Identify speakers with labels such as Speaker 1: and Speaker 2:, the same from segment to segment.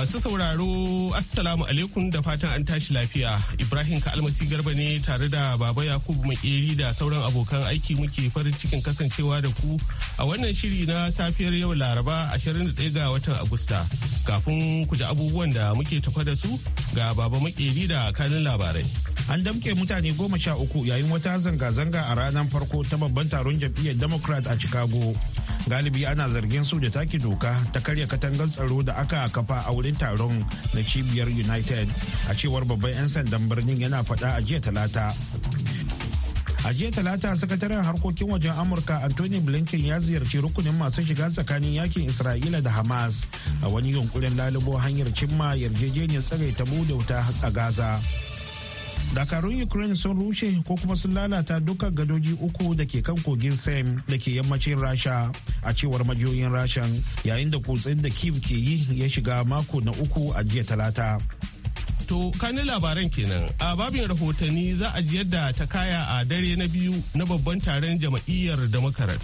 Speaker 1: Masu sauraro Assalamu alaikum da fatan an tashi lafiya. Ibrahim ka almasi Garba ne tare da Baba Yakubu Makeri da sauran abokan aiki muke farin cikin kasancewa da ku a wannan shiri na safiyar yau Laraba 21 ga watan Agusta. Kafin ku ji abubuwan da muke tafa
Speaker 2: da su ga Baba Makeri da kanin labarai. An damke mutane goma sha uku yayin wata zanga-zanga a ranar farko ta babban taron jam'iyyar Democrat a Chicago. galibi ana zargin su da take doka ta karya katangar tsaro da aka kafa a wurin taron na cibiyar united a cewar babban 'yan sandan birnin yana faɗa a jiya talata a jiya talata sakataren harkokin wajen amurka anthony blinken ya ziyarci rukunin masu shiga tsakanin yakin isra'ila da hamas a wani yunkurin lalubo hanyar cimma yarjejeniyar tsagaita bude wuta a gaza dakarun ukraine sun rushe ko kuma sun lalata dukkan gadoji uku da ke kan kogin sem da ke yammacin rasha a cewar majiyoyin rashan yayin da kutsen da kiv ke yi ya shiga mako na uku a jiya talata
Speaker 1: to kanin labaran kenan a babin rahotanni za a jiyar da ta kaya a dare na biyu na babban taron jama'iyyar da makarar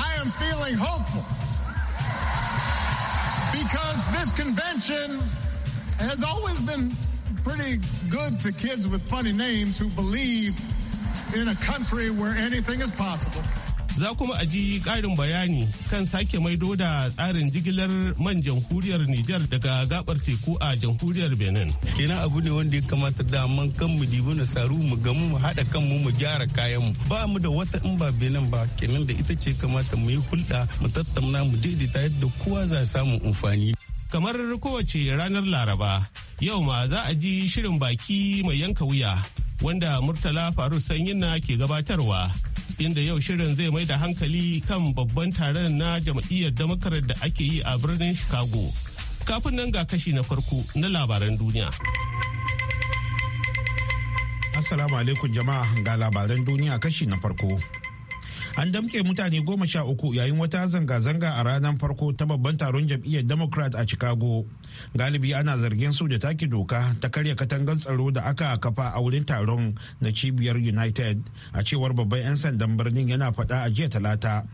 Speaker 3: I am feeling hopeful. because this convention has always been pretty good to kids with funny names who believe in a country where anything is possible.
Speaker 1: Za kuma a ji ƙarin bayani kan sake maido da tsarin jigilar man jamhuriyar Nijar daga gabar teku a jamhuriyar Benin. Kenan abu ne wanda ya kamata da
Speaker 4: man kan mu dibi saru mu gamu mu haɗa kanmu mu gyara kayan mu. Ba mu da wata in ba Benin ba kenan da ita ce kamata mu yi
Speaker 1: hulɗa mu tattauna mu daidaita yadda kowa za samu amfani. kamar kowace ranar laraba yau ma za a ji shirin baki mai yanka wuya wanda murtala faru sanyin na ke gabatarwa inda yau shirin zai mai da hankali kan babban taron na jam'iyyar damakarar da ake yi a birnin Chicago. Kafin nan ga kashi na
Speaker 2: farko na labaran duniya. Assalamu alaikum jama'a ga labaran duniya kashi na farko. an damke mutane goma sha uku yayin wata zanga-zanga a ranar farko ta babban taron jam'iyyar democrat a chicago galibi ana zargin su da take doka ta karya katangar tsaro da aka kafa a wurin taron na cibiyar united a cewar babban 'yan sandan birnin yana faɗa a jiya talata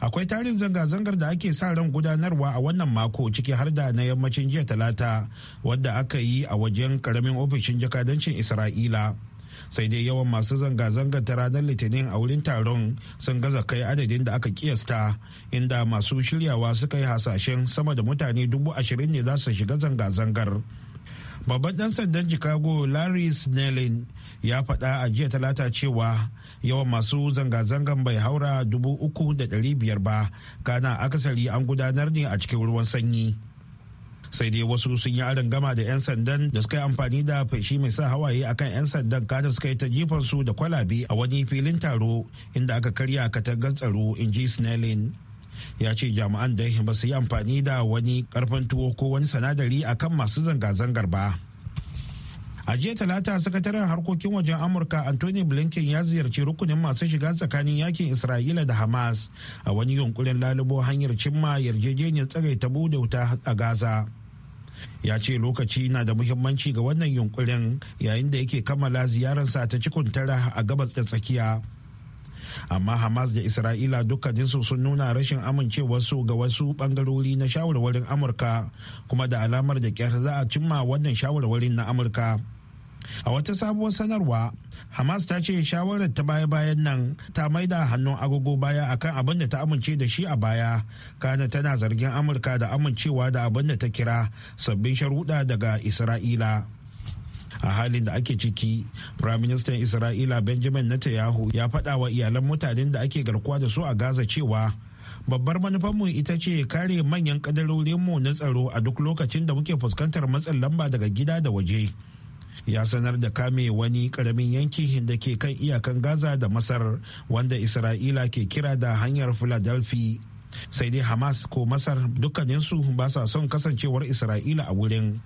Speaker 2: akwai tarin zanga-zangar da ake sa ran gudanarwa a wannan mako ciki har da na yammacin jiya talata wadda aka yi a wajen karamin ofishin jakadancin isra'ila sai dai yawan masu zanga-zanga ta ranar litinin a wurin taron sun gaza kai adadin da aka kiyasta inda masu shiryawa suka yi hasashen sama da mutane dubu ashirin ne za su shiga zanga-zangar babban dan sandan chicago larry snellin ya faɗa a jiya talata cewa yawan masu zanga-zangan bai haura dubu uku da ɗari biyar ba kana akasari an gudanar ne a cikin ruwan sanyi sai dai wasu sun yi aron gama da 'yan sandan da suka yi amfani da fashi mai sa hawaye akan 'yan sandan kada suka yi ta jifan su da kwalabe a wani filin taro inda aka karya katangar tsaro in ji snelling ya ce jami'an da ba su yi amfani da wani karfin tuwo ko wani sanadari akan masu zanga-zangar ba a jiya talata sakataren harkokin wajen amurka anthony blinken ya ziyarci rukunin masu shiga tsakanin yakin isra'ila da hamas a wani yunkurin lalubo hanyar cimma yarjejeniyar tsagaita bude wuta a gaza ya ce lokaci na da muhimmanci ga wannan yunkurin yayin da yake kammala ziyararsa ta cikin tara a gabas da tsakiya amma hamas da isra'ila dukkaninsu sun nuna rashin amincewarsu ga wasu bangarori na shawarwarin amurka kuma da alamar da kyar za a cimma wannan shawarwarin na amurka a wata sabuwar sanarwa hamas ta ce shawarar ta baya-bayan nan ta maida hannun agogo baya akan abin da ta amince da shi a baya kana tana zargin amurka da amincewa da abin da ta kira sabbin sharuɗa daga isra'ila a halin da ake ciki firaministan isra'ila benjamin netanyahu ya faɗa wa iyalan mutanen da ake garkuwa da su a gaza cewa babbar manufarmu ita ce kare manyan kadarorinmu na tsaro a duk lokacin da muke fuskantar matsin lamba daga gida da waje ya sanar da kame wani karamin yanki da ke kan iyakan gaza da masar wanda isra'ila ke kira da hanyar philadelphia sai dai hamas ko masar dukkaninsu ba sa son kasancewar isra'ila a wurin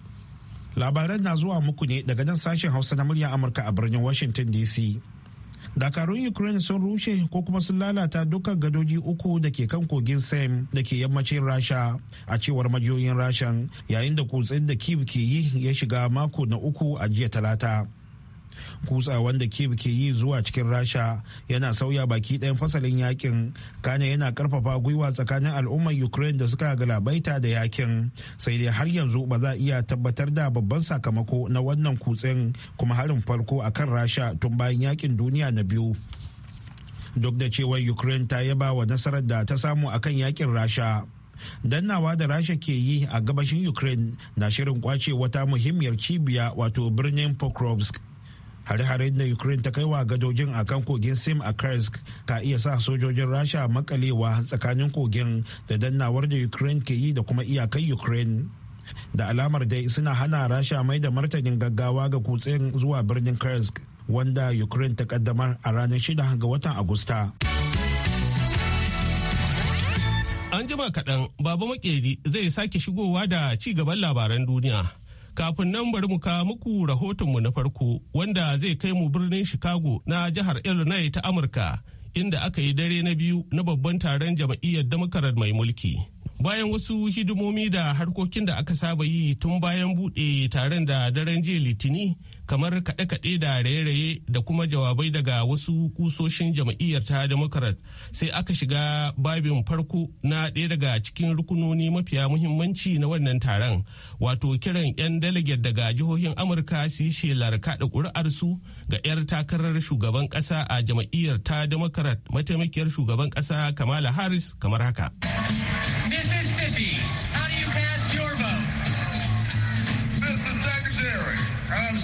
Speaker 2: labaran na zuwa muku ne daga nan sashen hausa na murya amurka a birnin washington dc dakarun ukraine sun rushe ko kuma sun lalata dukkan gadoji uku da ke kan kogin sem da ke yammacin rasha a cewar majiyoyin rashan yayin da kutsen da kiv ke yi ya shiga mako na uku a jiya talata kutsa wanda kiev ke yi zuwa cikin rasha yana sauya baki ɗayan fasalin yakin kana yana karfafa gwiwa tsakanin al'ummar ukraine da suka galabaita da yakin sai dai har yanzu ba za a iya tabbatar da babban sakamako na wannan kutsen kuma harin farko akan rasha tun bayan yakin duniya na biyu duk da cewa ukraine ta yaba wa nasarar da ta samu akan yakin rasha dannawa da rasha ke yi a gabashin ukraine na shirin kwace wata muhimmiyar cibiya wato birnin pokrovsk hare-hare da ukraine ta kai wa gadojin a kan kogin sim a kursk ka iya sa sojojin rasha makalewa tsakanin kogin da dannawar da ukraine ke yi da kuma iyakai ukraine da alamar dai suna hana rasha mai da martanin gaggawa ga kutsen zuwa birnin kursk wanda ukraine ta kaddamar a ranar 6 ga watan agusta
Speaker 1: an jima kaɗan Babu makeri zai sake shigowa da ci gaban labaran duniya Kafin nan bari mu kawo muku rahotonmu na farko wanda zai kai mu birnin Chicago na jihar Illinois ta Amurka inda aka yi dare na biyu na babban taron jam'iyyar Democrat mai mulki. Bayan wasu hidimomi da harkokin da aka saba yi tun bayan buɗe taron da daren jiya Litini kamar kaɗe-kaɗe da raye-raye da kuma jawabai daga wasu kusoshin jam'iyyar ta democrat sai aka shiga babin farko na ɗaya daga cikin rukunoni mafiya muhimmanci na wannan taron wato kiran 'yan da daga jihohin amurka su yi shelar kaɗa ƙuri'arsu ga 'yar takarar shugaban ƙasa a jam'iyyar ta democrat mataimakiyar shugaban ƙasa kamala harris kamar haka. an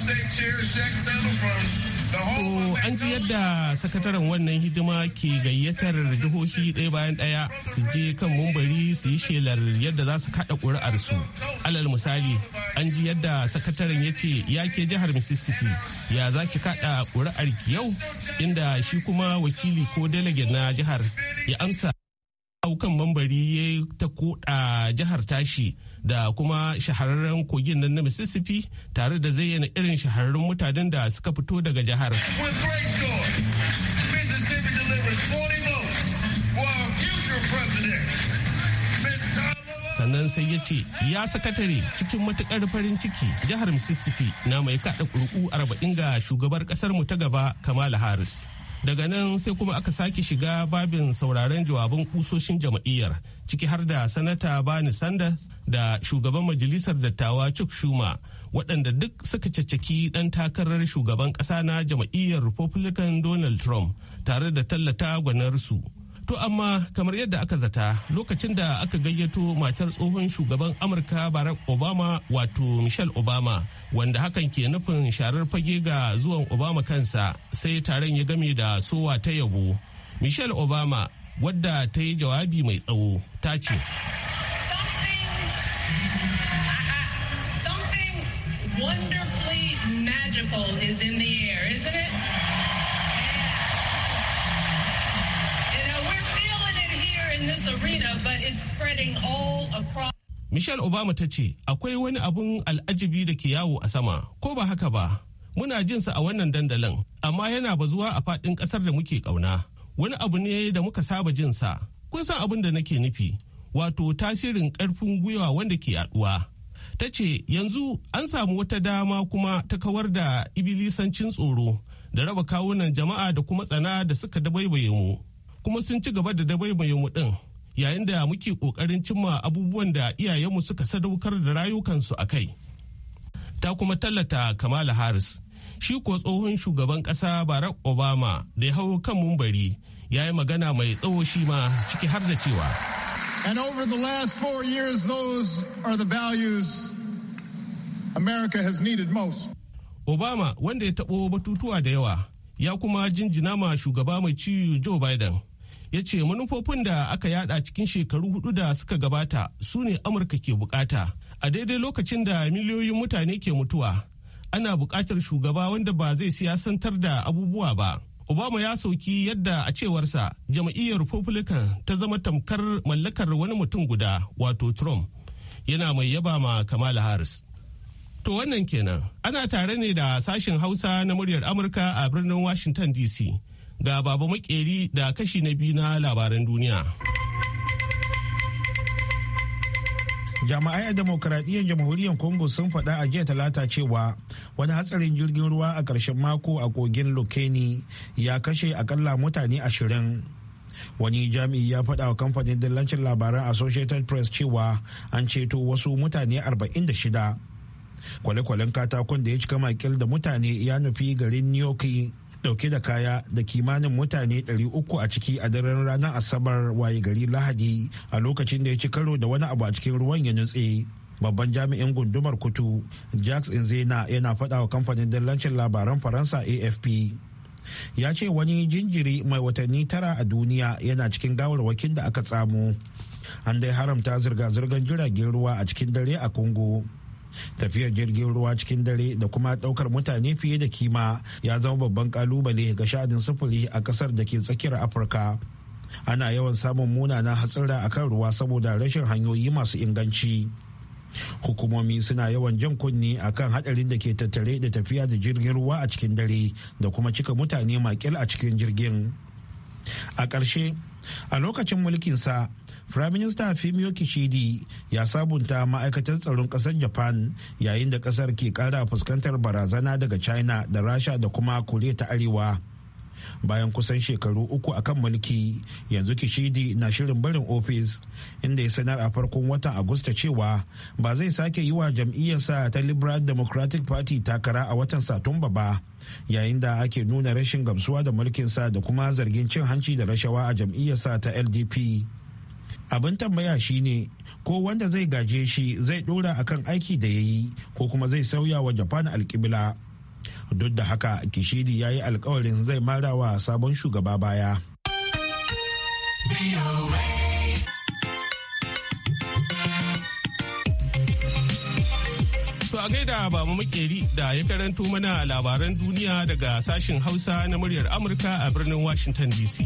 Speaker 1: ji yadda sakataren wannan hidima ke gayyatar jihohi ɗaya bayan ɗaya su je kan mumbari su yi shelar yadda za su kaɗa ƙuri'arsu alal misali an ji yadda sakataren ya ce ya ke jihar mississippi ya za ki kaɗa ƙuri'ar yau inda shi kuma wakili ko delegate na jihar ya amsa hau mambari ya ta koda jihar tashi da kuma shahararren kogin nan na Mississippi tare da zayyana irin shahararrun mutanen da suka fito daga jihar. sannan sai ya ce ya sakatare cikin matukar farin ciki jihar mississippi na mai kaɗa kuri'u arba'in ga shugabar kasar mu ta gaba kamala harris daga nan sai kuma aka sake shiga babin sauraron jawabin kusoshin jam'iyyar ciki har da sanata bani sanders da shugaban majalisar dattawa chuck schumer waɗanda duk suka caccaki ɗan takarar shugaban ƙasa na jam'iyyar republican donald trump tare da tallata gwanarsu To amma kamar yadda aka zata lokacin da aka gayyato matar tsohon shugaban Amurka Barack Obama wato Michelle Obama wanda hakan ke nufin sharar fage ga zuwan Obama kansa sai taron ya game da sowa ta yabo. Michelle Obama wadda ta yi jawabi mai tsawo ta ce.
Speaker 3: Wonderfully magical is in the air, isn't it? in
Speaker 1: Michelle Obama ta ce akwai wani abun al'ajibi da ke yawo a sama ko ba haka ba muna jinsa a wannan dandalin amma yana bazuwa a faɗin ƙasar da muke ƙauna wani abu ne da muka saba sa, kun san abin da nake nufi wato tasirin karfin gwiwa wanda ke yaɗuwa ta ce yanzu an samu wata dama kuma ta kawar da ibilisancin tsoro da raba kawunan jama'a da kuma tsana da suka dabaibaye mu kuma sun ci gaba da dabai mai din yayin da muke kokarin cimma abubuwan da iyayenmu suka sadaukar da rayukansu a kai ta kuma tallata kamala harris shi ko tsohon shugaban kasa barack obama da ya hau kan mumbari ya yi magana mai tsawo shi ma ciki har da cewa
Speaker 3: and over the last four years those are the values
Speaker 1: america has needed most obama wanda ya taɓo batutuwa da yawa ya kuma jinjina ma shugaba mai ciwo joe biden ya ce manufofin da aka yada cikin shekaru hudu da suka gabata su ne amurka ke bukata a daidai lokacin da miliyoyin mutane ke mutuwa ana bukatar shugaba wanda ba zai siyasantar da abubuwa ba obama ya sauki yadda a cewarsa jam'iyyar republican ta zama tamkar mallakar wani mutum guda wato trump yana mai yaba ma kamala harris to wannan kenan ana tare ne da sashen hausa na muryar amurka a birnin washington dc ga baba makeri da kashi na biyu na labaran duniya.
Speaker 2: jami'ai a demokaradiyyar jamhuriyar congo sun faɗa a jiya talata cewa wani hatsarin jirgin ruwa a ƙarshen mako a kogin lokeni ya kashe akalla mutane ashirin wani jami'i ya faɗa wa kamfanin dillancin labaran associated press cewa an ceto wasu mutane arba'in 46 kwale-kwalen katakon da ya cika makil da mutane ya nufi garin new dauke da kaya da kimanin mutane 300 a ciki a daren ranar asabar waye gari lahadi a lokacin da ya ci karo da wani abu a cikin ruwan ya nutse babban jami'in gundumar kutu jacques inzena yana faɗa wa kamfanin dillancin labaran faransa afp ya ce wani jinjiri mai watanni tara a duniya yana cikin gawarwakin da aka tsamo an dai haramta zirga-zirgar jiragen ruwa a cikin dare a congo tafiyar jirgin ruwa cikin dare da kuma daukar mutane fiye da kima ya zama babban kalubale ga sha'adin sufuri a kasar da ke tsakiyar afirka ana yawan samun munanan hatsira kan ruwa saboda rashin hanyoyi masu inganci hukumomi suna yawan jan kunni kan hadarin da ke tattare da tafiya da jirgin ruwa a cikin dare da kuma cika mutane makil a cikin jirgin a ƙarshe a lokacin mulkinsa Firaminista Fumio Kishidi ya sabunta ma'aikatar tsaron kasar Japan yayin da kasar ke kara fuskantar barazana daga China da Rasha da kuma Koriya ta Arewa. Bayan kusan shekaru uku a kan mulki, yanzu Kishidi na shirin barin ofis, inda ya sanar a farkon watan Agusta cewa ba zai sake yi wa jam'iyyarsa ta Liberal Democratic Party takara a watan Satumba ba, yayin da ake nuna rashin gamsuwa da mulkinsa da kuma zargin cin hanci da rashawa a jam'iyyarsa ta LDP. abin tambaya shine ko wanda zai gaje shi zai dora akan aiki da ya yi ko kuma zai sauya wa japan alkibila duk da haka kishidi ya yi alkawarin zai mara wa sabon shugaba baya
Speaker 1: To a gaida babu makeri da ya karanto mana labaran duniya daga sashen hausa na muryar amurka a birnin washington dc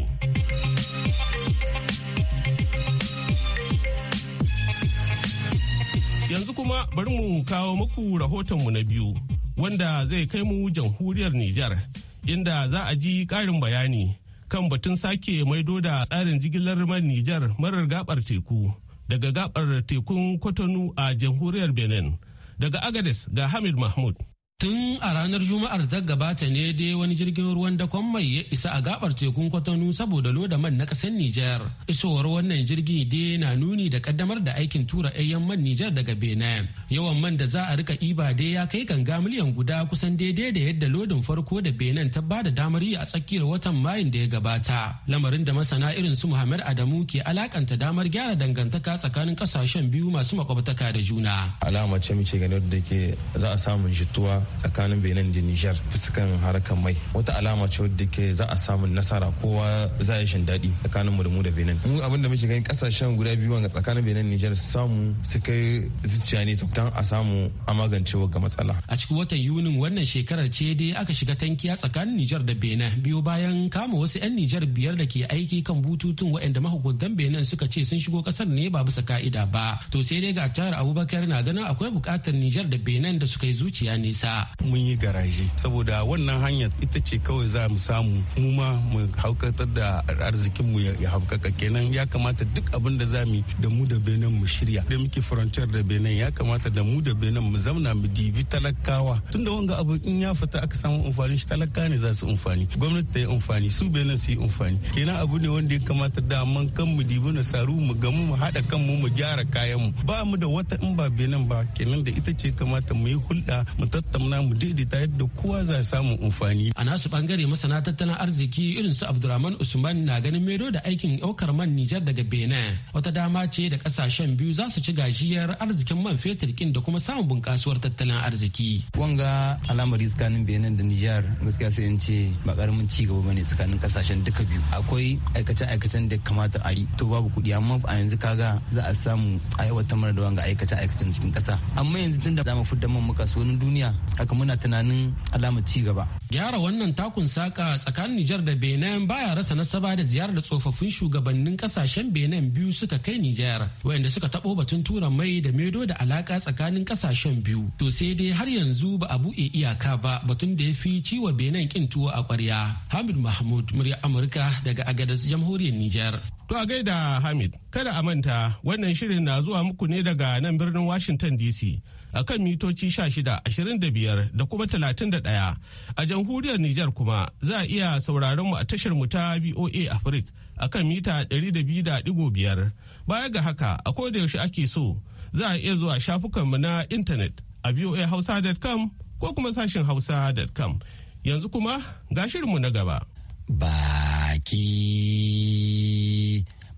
Speaker 1: Yanzu kuma bari mu kawo muku rahotonmu na biyu wanda zai kai mu jamhuriyar Nijar inda za a ji ƙarin bayani kan batun sake maido da tsarin jigilar man Nijar marar gabar teku daga gabar tekun Kotonu a jamhuriyar Benin. Daga Agades ga Hamid Mahmud. tun a ranar juma'ar ta gabata ne dai wani jirgin ruwan dakon
Speaker 5: mai ya isa a gabar tekun kwatano saboda loda man na kasar nijar isowar wannan jirgin dai na nuni da kaddamar da aikin tura ayyan man nijar daga benin yawan man da za a rika iba dai ya kai ganga miliyan guda kusan daidai da yadda lodin farko da benin ta ba da damar yi a tsakiyar watan mayun da ya gabata lamarin da masana irin su muhammad adamu ke alakanta damar gyara dangantaka tsakanin kasashen biyu masu makwabtaka da juna
Speaker 4: alama ce muke ganin da ke za a samu jituwa tsakanin benin da nijar fuskan harkar mai wata alama ce wadda ke za a samu nasara kowa za a shin daɗi tsakanin mu da mu da benin mu abin da muke ganin kasashen guda biyu wanga tsakanin benin niger samu su kai zuciya ne dan a samu a magance ga matsala
Speaker 5: a cikin watan yunin wannan shekarar ce dai aka shiga tankiya tsakanin niger da benin biyo bayan kama wasu 'yan nijar biyar da ke aiki kan bututun waɗanda mahukuntan benin suka ce sun shigo kasar ne ba bisa ka'ida ba to sai dai ga abubakar na ganin akwai buƙatar nijar da benin da suka yi zuciya nisa
Speaker 4: mun yi garaje saboda wannan hanya ita ce kawai za mu samu mu ma mu haukatar da arzikin mu ya haukaka kenan ya kamata duk abin da zamu da mu da benin mu shirya da muke frontier da benin ya kamata da mu da benin mu zamna mu dibi talakawa tunda wanga abu in ya fita aka samu amfani shi talaka ne za su amfani gwamnati ta yi amfani su benin su yi amfani kenan abu ne wanda ya kamata da man kan mu dibi na saru mu gamu mu haɗa kanmu mu gyara kayan mu ba mu da wata in ba benin ba kenan da ita ce kamata mu yi hulɗa mu tattauna tattauna mu daidaita yadda kowa za a samu amfani.
Speaker 5: A nasu bangare masana tattalin arziki irin su Abdulrahman Usman na ganin mero da aikin ɗaukar man Nijar daga Benin wata dama ce da kasashen biyu za su ci gajiyar arzikin man fetur kin da kuma samun bunƙasuwar tattalin arziki.
Speaker 6: Wanga al'amari tsakanin Benin da Nijar gaskiya sai in ce ba karamin ci gaba bane tsakanin kasashen duka biyu. Akwai aikace-aikacen da kamata a yi to babu kuɗi amma a yanzu kaga za a samu a yawatar mana da wanga aikace-aikacen cikin ƙasa. Amma yanzu tun da za mu fidda man muka wani duniya haka muna tunanin alamar ci gaba.
Speaker 5: Gyara wannan takun saka tsakanin Nijar da Benin baya rasa nasaba da ziyarar da tsofaffin shugabannin kasashen Benin biyu suka kai Nijar, wayanda suka tabo batun tura mai da medo da alaka tsakanin kasashen biyu. To sai dai har yanzu ba a buɗe iyaka ba batun da ya fi ciwa Benin kin tuwo a ƙwarya.
Speaker 1: Hamid Mahmud, murya Amurka daga Agadez, Jamhuriyar Nijar. To a gaida Hamid, kada a manta wannan shirin na zuwa muku ne daga nan birnin Washington DC. a kan mitoci 16, 25 da kuma 31. A jamhuriyar Nijar kuma za a iya sauraron mu a tashar mu ta VOA Africa kan mita 200.5. Baya ga haka, a da yaushe ake so za a iya zuwa shafukan mu na intanet a voahausa.com ko kuma sashin hausa.com. Yanzu kuma ga shirinmu na gaba.
Speaker 6: Baki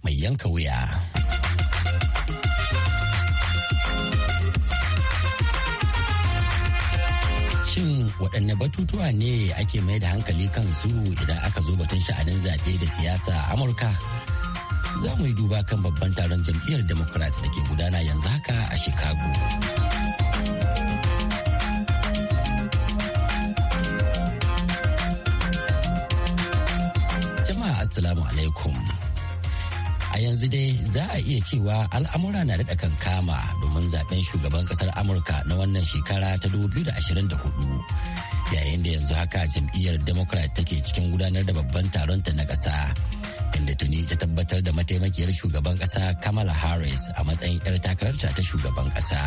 Speaker 6: mai yanka wuya. shin waɗanne batutuwa ne ake mai da hankali kan su idan aka zo batun sha'anin zaɓe da siyasa a amurka za mu yi duba kan babban taron jam'iyyar democrat da ke gudana yanzu haka a chicago jama'a assalamu alaikum a yanzu dai za a iya cewa al'amura na daɗa kama domin zaben shugaban ƙasar amurka na wannan shekara ta 2024 yayin da yanzu haka jam'iyyar democrat take cikin gudanar da babban taron ta na ƙasa inda tuni ta tabbatar da mataimakiyar shugaban ƙasa kamala harris a matsayin 'yar takararta ta shugaban ƙasa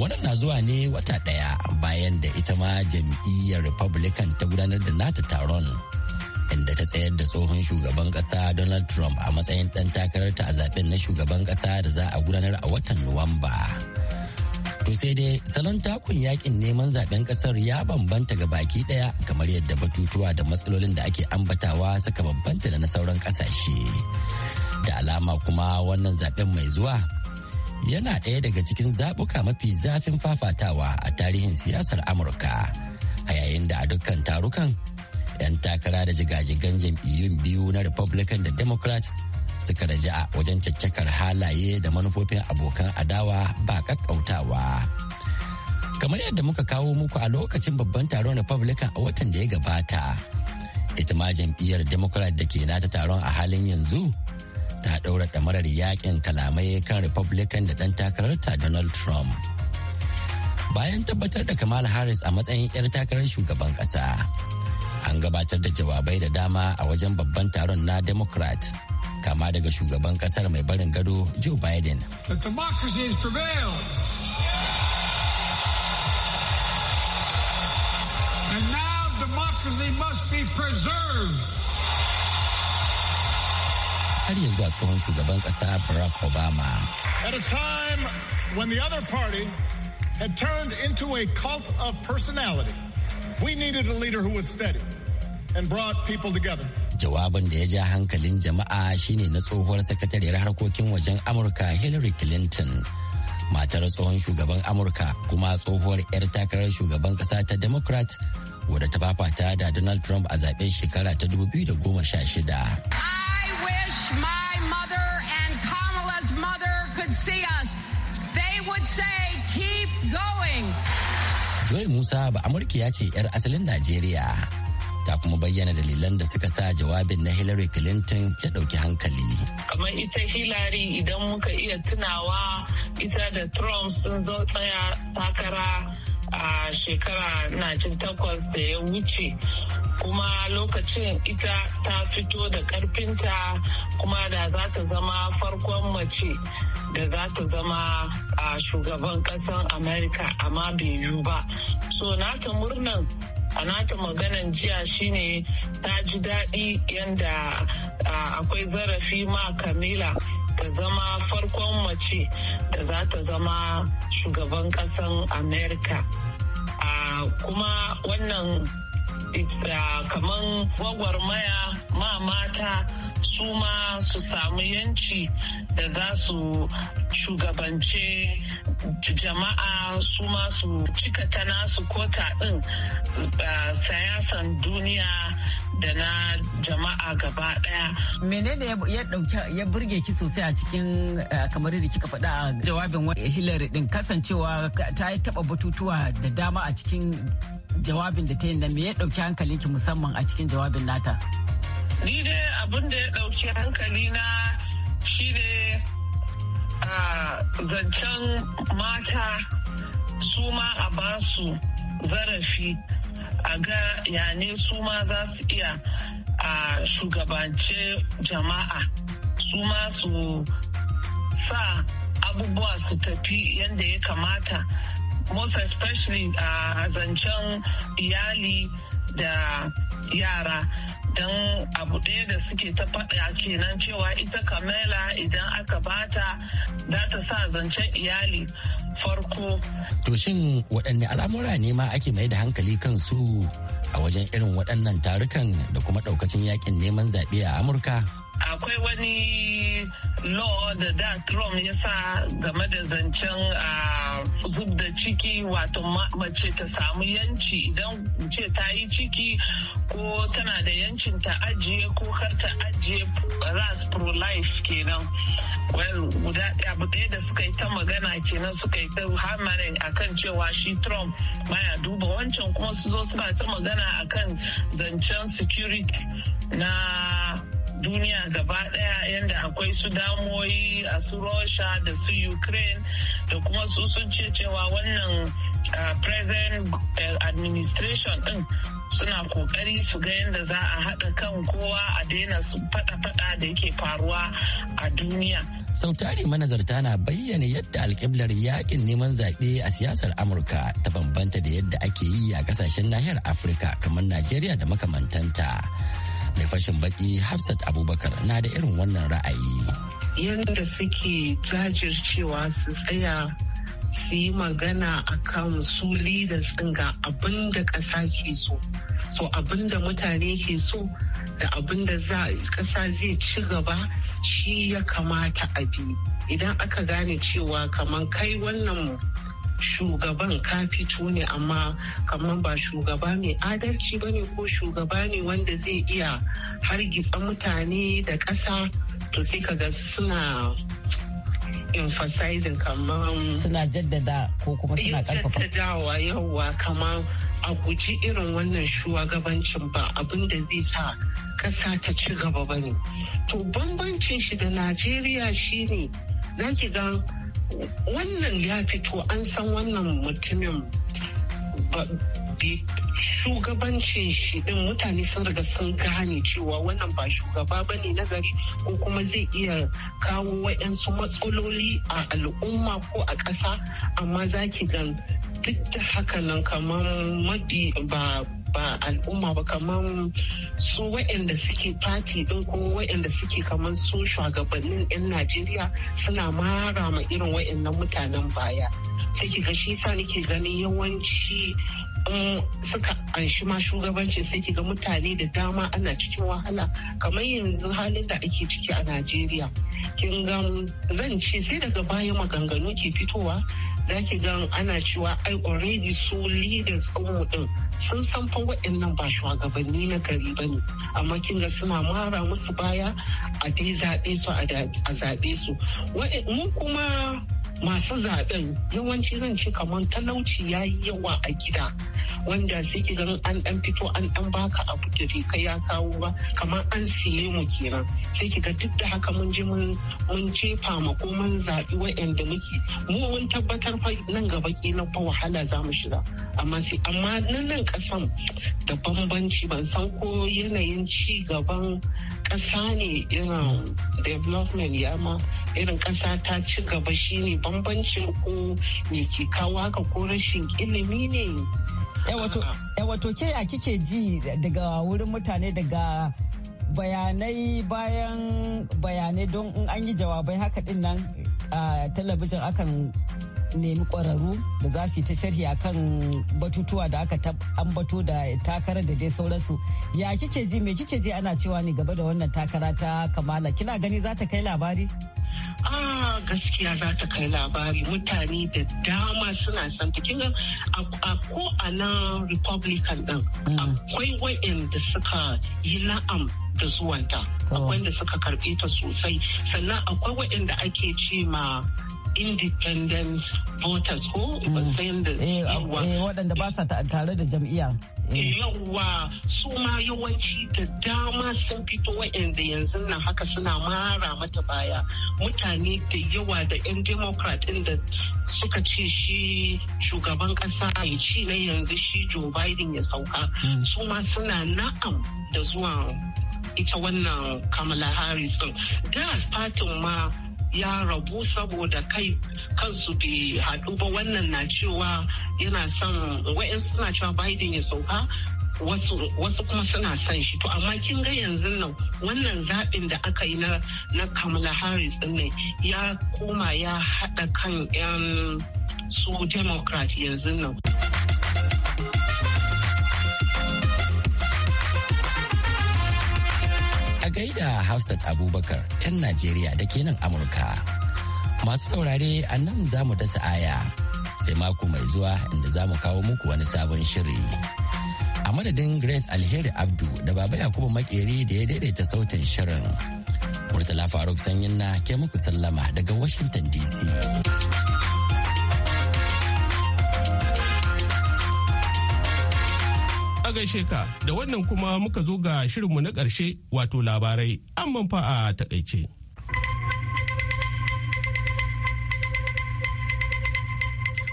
Speaker 6: wannan na zuwa ne wata ɗaya bayan da ita ma jam'iyyar republican ta gudanar da nata taron inda ta tsayar da tsohon shugaban kasa Donald Trump a matsayin ɗan takararta a zaben na shugaban kasa da za a gudanar a watan Nuwamba. To sai dai salon takun yakin neman zaben kasar ya bambanta ga baki ɗaya kamar yadda batutuwa da matsalolin da ake ambatawa suka bambanta da na sauran ƙasashe. Da alama kuma wannan zaben mai zuwa yana ɗaya daga cikin zaɓuka mafi zafin fafatawa a tarihin siyasar Amurka. A yayin da a dukkan tarukan 'yan takara da jigajigan jam'iyyun biyu na republican da democrat suka raja'a wajen caccakar halaye da manufofin abokan adawa ba kakkautawa kamar yadda muka kawo muku a lokacin babban taron republican a watan da ya gabata ita ma jam'iyyar democrat da ke nata taron a halin yanzu ta ɗaura ɗamarar yakin kalamai kan republican da ɗan takararta donald trump bayan tabbatar da kamal harris a matsayin 'yar takarar shugaban ƙasa an gabatar da jawabai da dama a wajen babban taron na democrat kama daga shugaban kasar mai barin gado joe biden
Speaker 3: And now democracy must be preserved.
Speaker 6: har yanzu a tsohon shugaban kasa Barack Obama.
Speaker 3: At a time when the other party had turned into a cult of personality. We needed a leader who was steady and brought people together.
Speaker 6: Jawabin da ya ja hankalin jama'a shine na tsohuwar sakatariyar harkokin wajen Amurka Hillary Clinton. Matar tsohon shugaban Amurka kuma tsohuwar 'yar takarar shugaban ƙasa ta Democrat wadda ta fafata da Donald Trump a zaben shekara ta 2016.
Speaker 3: I wish my mother and Kamala's mother could see us. They would say, keep going.
Speaker 6: Joy Musa ba amurka ya ce 'yar asalin Najeriya. Ta kuma bayyana dalilan da suka sa jawabin na Hillary Clinton ya dauki hankali.
Speaker 3: Kamar ita Hillary idan muka iya tunawa ita da Trump sun zo tsaya takara a shekara 19 takwas da ya wuce kuma lokacin ita ta fito da karfinta kuma da za ta zama farkon mace da za ta zama a shugaban kasan america amma bai yiwu ba so nata murnan a nata maganan jiya shine ta ji daɗi yadda akwai zarafi ma kamila ta zama farkon mace da za ta zama shugaban ƙasan amerika kuma wannan it's uh, kaman gwagwarmaya ma mata su ma su samu yanci da za su shugabance jama'a su ma su cika ta nasu kota ɗin sayasan duniya da na jama'a gaba daya.
Speaker 6: menene ya dauke ya burge ki sosai a cikin kamar da kika faɗa a jawabin hillary din kasancewa ta yi taɓa batutuwa da dama a cikin jawabin da ta yi na me ya ɗauki hankalinki musamman a cikin jawabin nata.
Speaker 3: ni dai abin da ya ɗauki hankali na shine a zancen mata su ma a ba su zarafi a ga yane su ma za su iya a shugabance jama'a su ma su sa abubuwa su tafi yadda ya kamata most especially a zancen iyali da yara don abu ɗaya da suke ta faɗa kenan cewa ita kamela idan aka bata za ta sa zancen iyali farko.
Speaker 6: To shin waɗanne al'amura ne ma ake mai da hankali kan su a wajen irin waɗannan tarukan da kuma ɗaukacin yakin neman zaɓe a Amurka?
Speaker 3: akwai wani law da da trump ya sa game da zancen ah, zub da ciki wato mace ta samu yanci idan ce ta yi ciki ko tana da yancin ta ajiye ko kar ta ajiye ras pro life kenan well guda abu ɗaya da suka yi ta magana kenan suka yi ta hamarin kan cewa shi trump baya duba wancan kuma su zo suna ta magana akan zancen security na duniya gaba daya yadda akwai su damoyi a su russia da su ukraine da kuma su sun ce cewa wannan present eh, administration din suna kokari su ga yadda za a haɗa kan kowa a daina su fada-fada da yake faruwa
Speaker 6: a duniya. sau tari manazarta na bayyana yadda alkiblar yakin neman zaɓe a siyasar amurka ta bambanta da yadda ake yi a ƙasashen nahiyar afirka kamar najeriya da makamantanta mai fashin baki hafsat abubakar na da irin wannan ra'ayi yadda
Speaker 7: suke jajircewa su tsaya su yi magana a kan su da tsinga abin da ƙasa ke so so abin da mutane ke so da abin da ƙasa zai ci gaba shi ya kamata a bi idan aka gane cewa kamar kai wannan shugaban ka fito ne amma kamar ba shugaba mai adalci ba ne ko shugaba ne wanda zai iya hargitsa mutane da ƙasa to sai kaga suna emphasizing kamar suna jaddada ko kuma suna karfafa eh, jaddadawa yawa kamar a guji irin wannan shugabancin ba abin da zai sa ƙasa ta ci gaba ba ne to bambancin shi da najeriya shine zaki ga wannan ya fito an san wannan mutumin shugabancin shi din mutane sun riga sun gane cewa wannan ba shugaba ba ne na gari ko kuma zai iya kawo waɗansu matsaloli a al'umma ko a ƙasa amma za ki gan duk da haka nan kamar ba ba al'umma ba kamar su wa'anda suke fati din ko wa'anda suke kamar su shugabannin 'yan najeriya suna mara ma irin wa'annan mutanen baya sai ga shi sa nake ganin yawanci suka anshi ma shugabanci sai ki ga mutane da dama ana cikin wahala kamar yanzu halin da ake ciki a najeriya kin ga zan ce sai daga baya maganganu ke fitowa za ki gan ana cewa ai already so leaders mu din sun san fa waɗannan ba shugabanni na gari ba ne amma kin ga suna mara musu baya a dai zaɓe su a zaɓe su mu kuma masu zaɓen yawanci zan ce kamar talauci ya yi yawa a gida wanda sai ki ganin an ɗan fito an ɗan baka abu da bai ya kawo ba kamar an siye mu kenan sai ki ga duk da haka mun je mun jefa ma ko mun zaɓi waɗanda muke mu mun tabbatar fa nan gaba kila fa wahala za mu shiga amma sai amma nan nan kasan da bambanci ban san ko yanayin ci gaban kasa ne irin development ya ma irin kasa ta ci gaba shine bambancin ko me ke kawo haka ko rashin ilimi ne yawato
Speaker 6: eh, eh, ke ya kike ji daga wurin mutane daga bayanai bayan bayanai don in an yi jawabai haka din nan a ah, talabijin akan nemi kwararru da za su yi ta sharhi a kan batutuwa da aka ambato da takarar da dai sauransu ya kike ji me kike ji ana cewa ne gaba da wannan takara ta kamala kina gani za ta kai labari
Speaker 7: a gaskiya za ta kai labari mutane da dama suna son ta kinga a ko a nan republican din mm. akwai da suka yi la'am da zuwanta akwai da suka karbe ta sosai sannan akwai da ake ce ma independent voters ko mm. sayan da eh, eh,
Speaker 6: waɗanda ba sa tare da jam'iyya
Speaker 7: eh. yawwa su ma yawanci da dama sun fito wa'anda yanzu nan haka suna mara mata baya mutane da yawa da 'yan democrat da suka ce shi shugaban ƙasa ya ci na yanzu shi joe biden ya sauka mm. su ma suna na'am da zuwa ita wannan kamala harris da fatin ma ya rabu saboda kai kansu bai haɗu ba wannan na cewa yana son wa'in suna cewa biden ya sauka wasu, kuma suna son shi to amma kin ga yanzu nan wannan zaɓin da aka yi na, kamala harris ne ya koma ya haɗa kan 'yan su democrat yanzu nan.
Speaker 6: gaida Hafsat Abubakar 'yan Najeriya da ke nan Amurka. Masu saurare a nan za mu dasa aya sai mako mai zuwa inda za mu kawo muku wani sabon shiri. A madadin Grace Alheri Abdu da Baba Yakubu Makeri da ya daidaita sautin shirin. Murtala Faruk Sanyin na ke muku sallama daga Washington DC. a gaishe ka
Speaker 1: da wannan kuma muka zo ga shirinmu na ƙarshe wato labarai an manfa a takaice.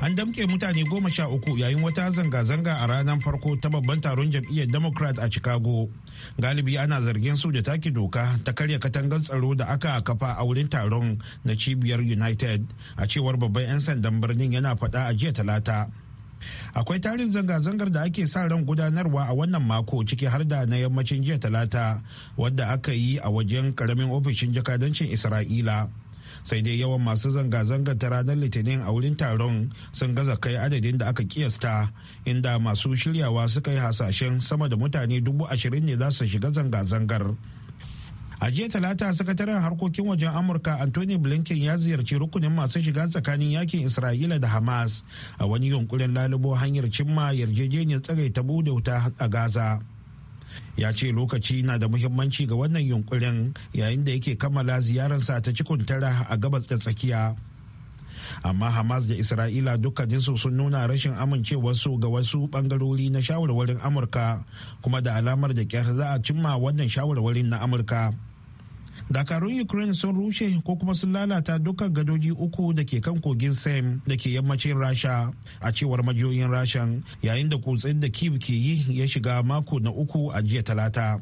Speaker 2: An damke mutane goma sha uku yayin wata zanga-zanga a ranar farko ta babban taron jam'iyyar Democrat a Chicago. Galibi ana zargin su da take doka ta karya katangar tsaro da aka kafa a wurin taron na cibiyar United a cewar babban 'yan sandan birnin yana faɗa a jiya talata. akwai tarin zanga-zangar da ake sa ran gudanarwa a wannan mako ciki har da na yammacin jiya talata wadda aka yi a wajen karamin ofishin jakadancin isra'ila sai dai yawan masu zanga-zanga ta ranar litinin a wurin taron sun gaza kai adadin da aka kiyasta inda masu shiryawa suka yi hasashen sama da mutane dubu ashirin ne za su shiga zanga-zangar a jiya talata sakataren harkokin wajen amurka anthony blinken ya ziyarci rukunin masu shiga tsakanin yakin isra'ila da hamas a wani yunkurin lalubo hanyar cimma yarjejeniyar tsagaita bude wuta a gaza ya ce lokaci na da muhimmanci ga wannan yunkurin yayin da yake kammala ziyararsa ta cikin tara a gabas da tsakiya amma hamas da isra'ila dukkaninsu sun nuna rashin amincewarsu ga wasu bangarori na shawarwarin amurka kuma da alamar da kyar za a cimma wannan shawarwarin na amurka dakarun ukraine sun rushe ko kuma sun lalata dukkan gadoji uku da ke kan kogin Sam da ke yammacin rasha a cewar majiyoyin rashan yayin da kutsen da kiev ke yi ya shiga mako na uku a jiya talata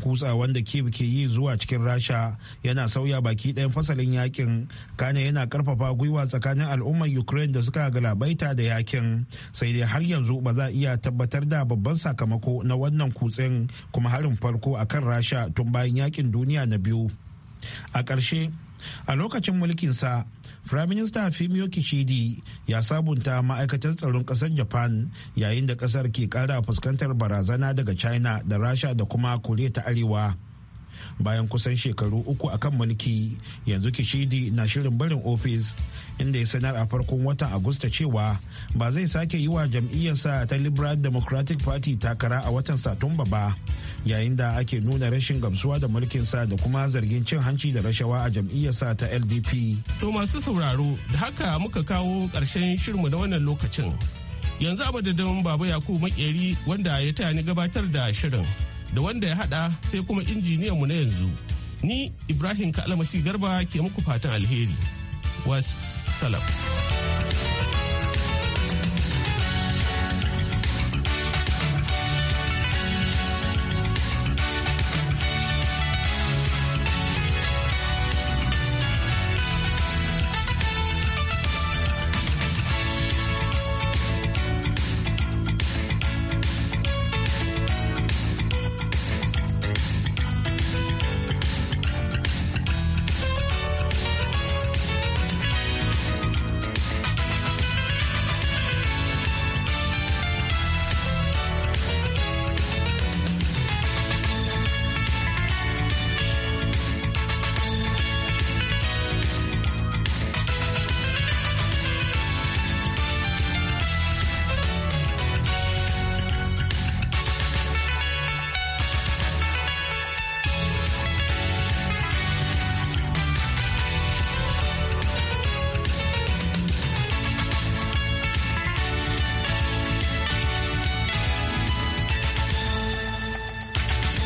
Speaker 2: kutsa wanda kiev ke yi zuwa cikin rasha yana sauya baki ɗayan fasalin yakin kane yana karfafa gwiwa tsakanin al'ummar ukraine da suka galabaita da yakin sai dai har yanzu ba za a iya tabbatar da babban sakamako na wannan kutsen kuma harin farko a kan rasha tun bayan yakin duniya na biyu a ƙarshe a lokacin mulkinsa Firaminista Fumio Kishidi ya sabunta ma'aikatar tsaron ƙasar Japan yayin da ƙasar ke ƙara fuskantar barazana daga China da Rasha da kuma Koriya ta Arewa. bayan kusan shekaru uku a kan mulki yanzu kishidi na shirin barin ofis inda ya sanar a farkon watan agusta cewa ba zai sake yi wa jam'iyyarsa ta liberal democratic party takara a watan satumba ba yayin da ake nuna rashin gamsuwa da mulkinsa da kuma zargin cin hanci da rashawa a jam'iyyarsa ta ldp
Speaker 1: to masu sauraro da haka muka kawo ƙarshen shirmu na wannan lokacin yanzu a madadin baba yakubu makeri wanda ya ni gabatar da shirin da wanda ya hada sai kuma injiniyan mu na yanzu ni ibrahim kalamasi garba ke muku fatan alheri salam.